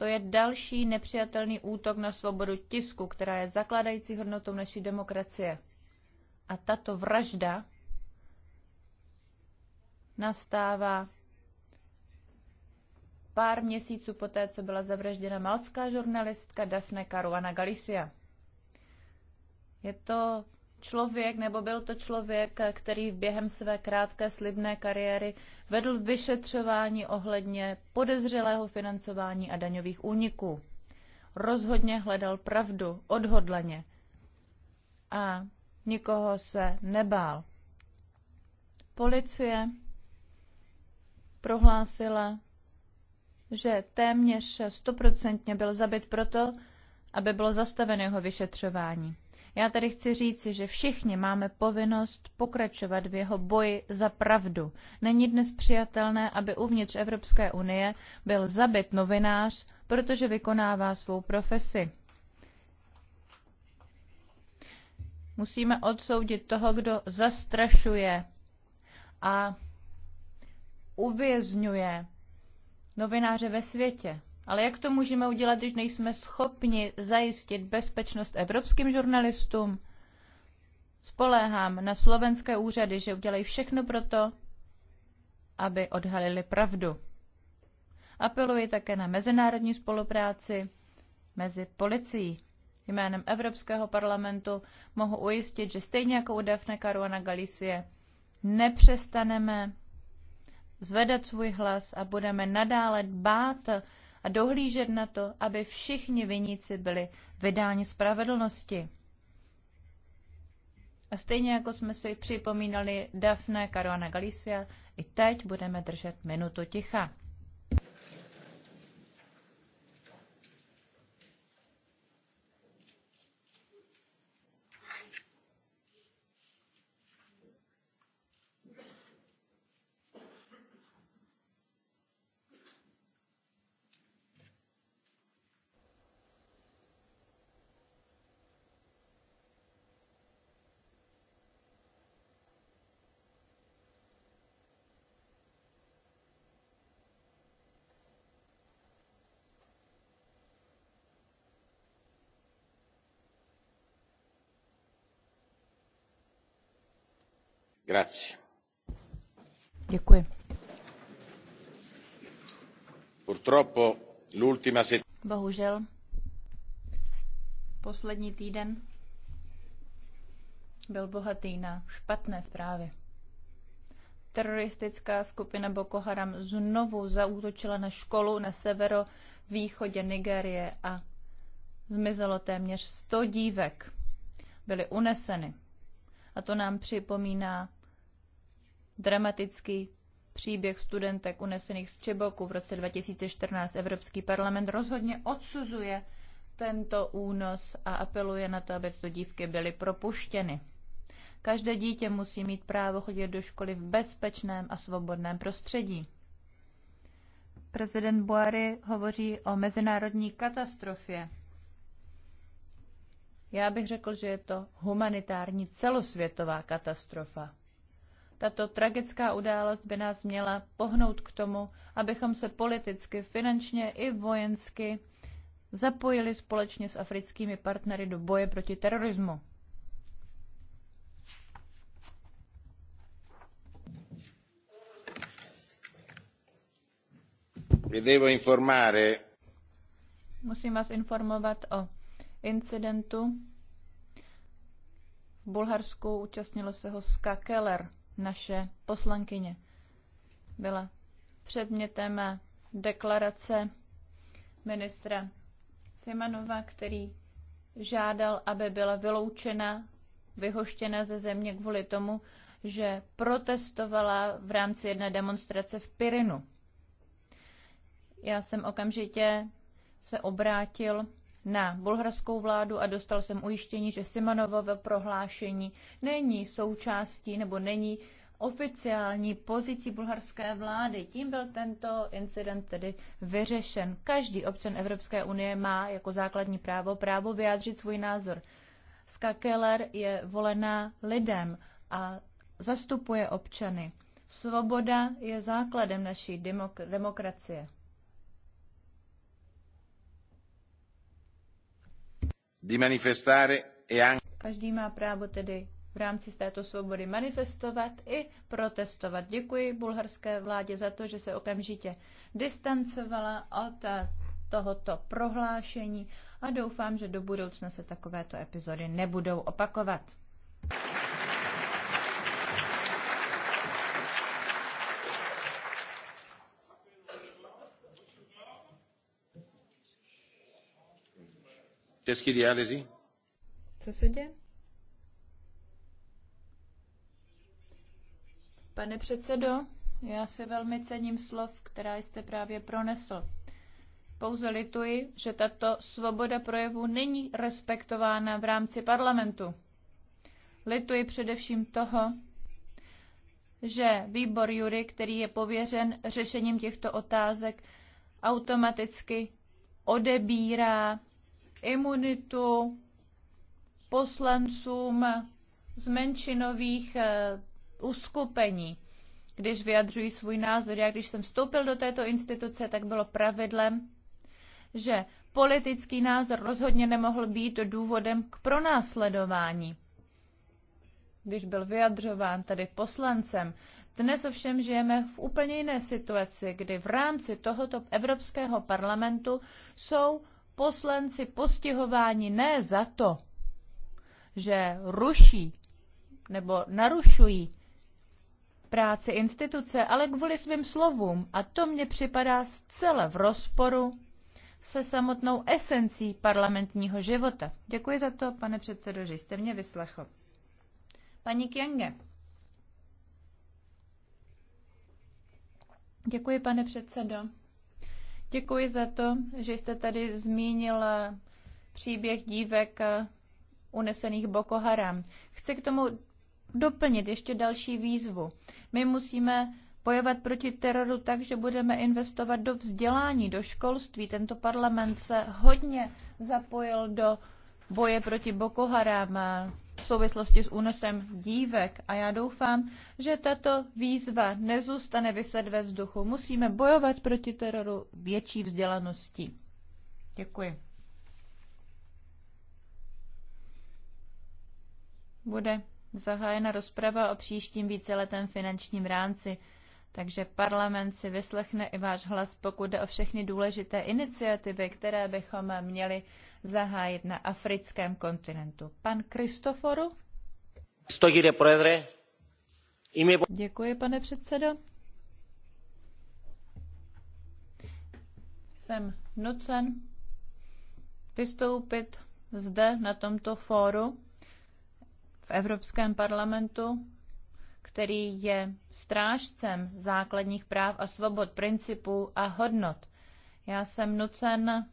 To je další nepřijatelný útok na svobodu tisku, která je zakládající hodnotou naší demokracie. A tato vražda nastává pár měsíců poté, co byla zavražděna malcká žurnalistka Daphne Caruana Galicia. Je to člověk, nebo byl to člověk, který během své krátké slibné kariéry vedl vyšetřování ohledně podezřelého financování a daňových úniků. Rozhodně hledal pravdu, odhodlaně a nikoho se nebál. Policie prohlásila, že téměř stoprocentně byl zabit proto, aby bylo zastaveno jeho vyšetřování. Já tady chci říci, že všichni máme povinnost pokračovat v jeho boji za pravdu. Není dnes přijatelné, aby uvnitř Evropské unie byl zabit novinář, protože vykonává svou profesi. Musíme odsoudit toho, kdo zastrašuje a uvězňuje novináře ve světě. Ale jak to můžeme udělat, když nejsme schopni zajistit bezpečnost evropským žurnalistům? Spoléhám na slovenské úřady, že udělají všechno pro to, aby odhalili pravdu. Apeluji také na mezinárodní spolupráci mezi policií. Jménem Evropského parlamentu mohu ujistit, že stejně jako u Defne Caruana Galicie nepřestaneme zvedat svůj hlas a budeme nadále dbát a dohlížet na to, aby všichni viníci byli vydáni spravedlnosti. A stejně jako jsme si připomínali Daphne Caruana Galicia, i teď budeme držet minutu ticha. Purtroppo l'ultima Bohužel poslední týden byl bohatý na špatné zprávy. Teroristická skupina Boko Haram znovu zaútočila na školu na severovýchodě Nigérie a zmizelo téměř 100 dívek. Byly uneseny. A to nám připomíná dramatický příběh studentek unesených z Čeboku v roce 2014. Evropský parlament rozhodně odsuzuje tento únos a apeluje na to, aby tyto dívky byly propuštěny. Každé dítě musí mít právo chodit do školy v bezpečném a svobodném prostředí. Prezident Buary hovoří o mezinárodní katastrofě. Já bych řekl, že je to humanitární celosvětová katastrofa. Tato tragická událost by nás měla pohnout k tomu, abychom se politicky, finančně i vojensky zapojili společně s africkými partnery do boje proti terorismu. Musím vás informovat o incidentu. V Bulharsku účastnilo se ho Ska Keller naše poslankyně. Byla předmětem deklarace ministra Simanova, který žádal, aby byla vyloučena, vyhoštěna ze země kvůli tomu, že protestovala v rámci jedné demonstrace v Pirinu. Já jsem okamžitě se obrátil na bulharskou vládu a dostal jsem ujištění, že Simanovové prohlášení není součástí nebo není oficiální pozicí bulharské vlády. Tím byl tento incident tedy vyřešen. Každý občan Evropské unie má jako základní právo právo vyjádřit svůj názor. Skakeler je volená lidem a zastupuje občany. Svoboda je základem naší demok- demokracie. di manifestare e anche... Každý má právo tedy v rámci této svobody manifestovat i protestovat. Děkuji bulharské vládě za to, že se okamžitě distancovala od tohoto prohlášení a doufám, že do budoucna se takovéto epizody nebudou opakovat. Český dialyzy? Co se děje? Pane předsedo, já se velmi cením slov, která jste právě pronesl. Pouze lituji, že tato svoboda projevu není respektována v rámci parlamentu. Lituji především toho, že výbor Jury, který je pověřen řešením těchto otázek, automaticky odebírá imunitu poslancům z menšinových eh, uskupení, když vyjadřují svůj názor. Já když jsem vstoupil do této instituce, tak bylo pravidlem, že politický názor rozhodně nemohl být důvodem k pronásledování, když byl vyjadřován tady poslancem. Dnes ovšem žijeme v úplně jiné situaci, kdy v rámci tohoto Evropského parlamentu jsou poslanci postihováni ne za to, že ruší nebo narušují práci instituce, ale kvůli svým slovům. A to mně připadá zcela v rozporu se samotnou esencí parlamentního života. Děkuji za to, pane předsedo, že jste mě vyslechl. Paní Kjenge. Děkuji, pane předsedo. Děkuji za to, že jste tady zmínil příběh dívek eh, unesených Boko Haram. Chci k tomu doplnit ještě další výzvu. My musíme bojovat proti teroru tak, že budeme investovat do vzdělání, do školství. Tento parlament se hodně zapojil do boje proti Boko Haram v souvislosti s únosem dívek a já doufám, že tato výzva nezůstane vyset ve vzduchu. Musíme bojovat proti teroru větší vzdělaností. Děkuji. Bude zahájena rozprava o příštím víceletém finančním rámci. Takže parlament si vyslechne i váš hlas, pokud jde o všechny důležité iniciativy, které bychom měli zahájit na africkém kontinentu. Pan Kristoforu? Děkuji, pane předsedo. Jsem nucen vystoupit zde na tomto fóru v Evropském parlamentu který je strážcem základních práv a svobod, principů a hodnot. Já jsem nucen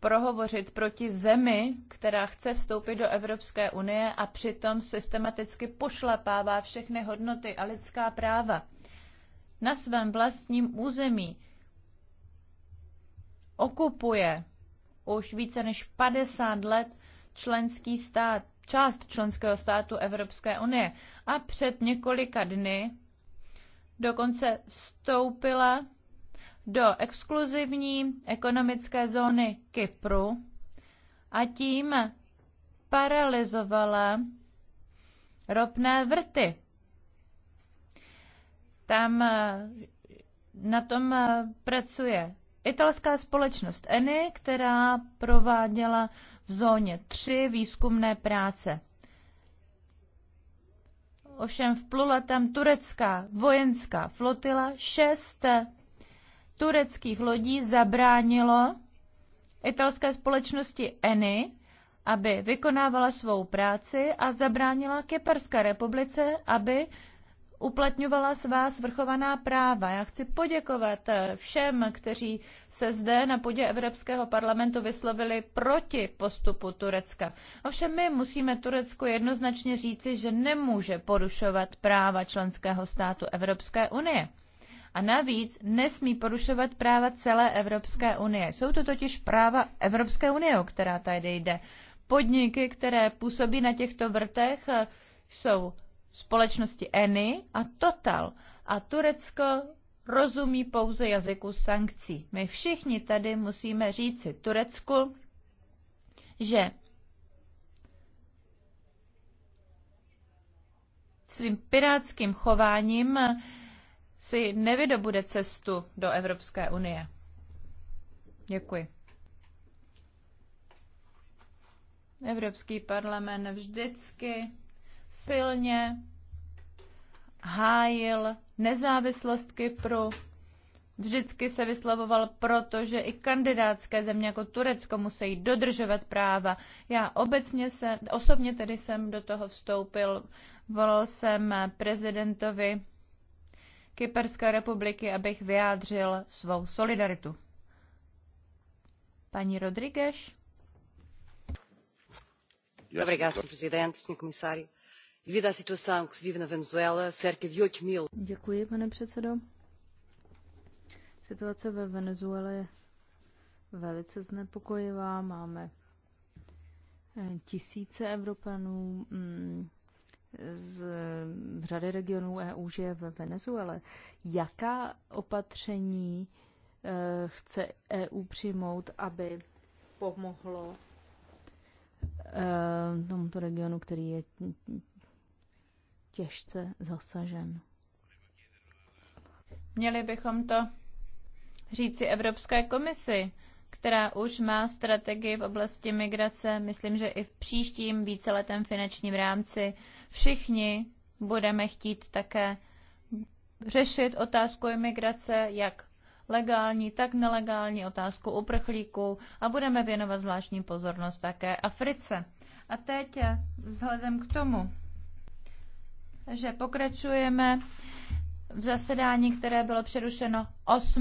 prohovořit proti zemi, která chce vstoupit do Evropské unie a přitom systematicky pošlapává všechny hodnoty a lidská práva na svém vlastním území okupuje už více než 50 let členský stát část členského státu Evropské unie. A před několika dny dokonce vstoupila do exkluzivní ekonomické zóny Kypru a tím paralizovala ropné vrty. Tam eh, na tom eh, pracuje italská společnost ENI, která prováděla v zóně 3 výzkumné práce. Ovšem vplula tam turecká vojenská flotila, šest tureckých lodí zabránilo italské společnosti ENI, aby vykonávala svou práci a zabránila Kyperské republice, aby uplatňovala svá svrchovaná práva. Já chci poděkovat eh, všem, kteří se zde na půdě Evropského parlamentu vyslovili proti postupu Turecka. Ovšem my musíme Turecku jednoznačně říci, že nemůže porušovat práva členského státu Evropské unie. A navíc nesmí porušovat práva celé Evropské unie. Jsou to totiž práva Evropské unie, o která tady jde. Podniky, které působí na těchto vrtech, eh, jsou společnosti Eni a Total. A Turecko rozumí pouze jazyku sankcí. My všichni tady musíme říci Turecku, že svým pirátským chováním si nevydobude cestu do Evropské unie. Děkuji. Evropský parlament vždycky silně hájil nezávislost Kypru, vždycky se vyslovoval proto, že i kandidátské země jako Turecko musí dodržovat práva. Já obecně se, osobně tedy jsem do toho vstoupil, volal jsem prezidentovi Kyperské republiky, abych vyjádřil svou solidaritu. Paní Rodriguez. Obrigada, Sr. Presidente, Sr. Comissário. Děkuji, pane předsedo. Situace ve Venezuele je velice znepokojivá. Máme eh, tisíce Evropanů mm, z řady regionů EU žije ve Venezuele. Jaká opatření eh, chce EU přijmout, aby pomohlo eh, tomuto regionu, který je těžce zasažen. Měli bychom to říci Evropské komisi, která už má strategii v oblasti migrace. Myslím, že i v příštím víceletém finančním rámci všichni budeme chtít také řešit otázku imigrace, jak legální, tak nelegální otázku uprchlíků a budeme věnovat zvláštní pozornost také Africe. A teď vzhledem k tomu, že pokračujeme v zasedání, které bylo přerušeno 8.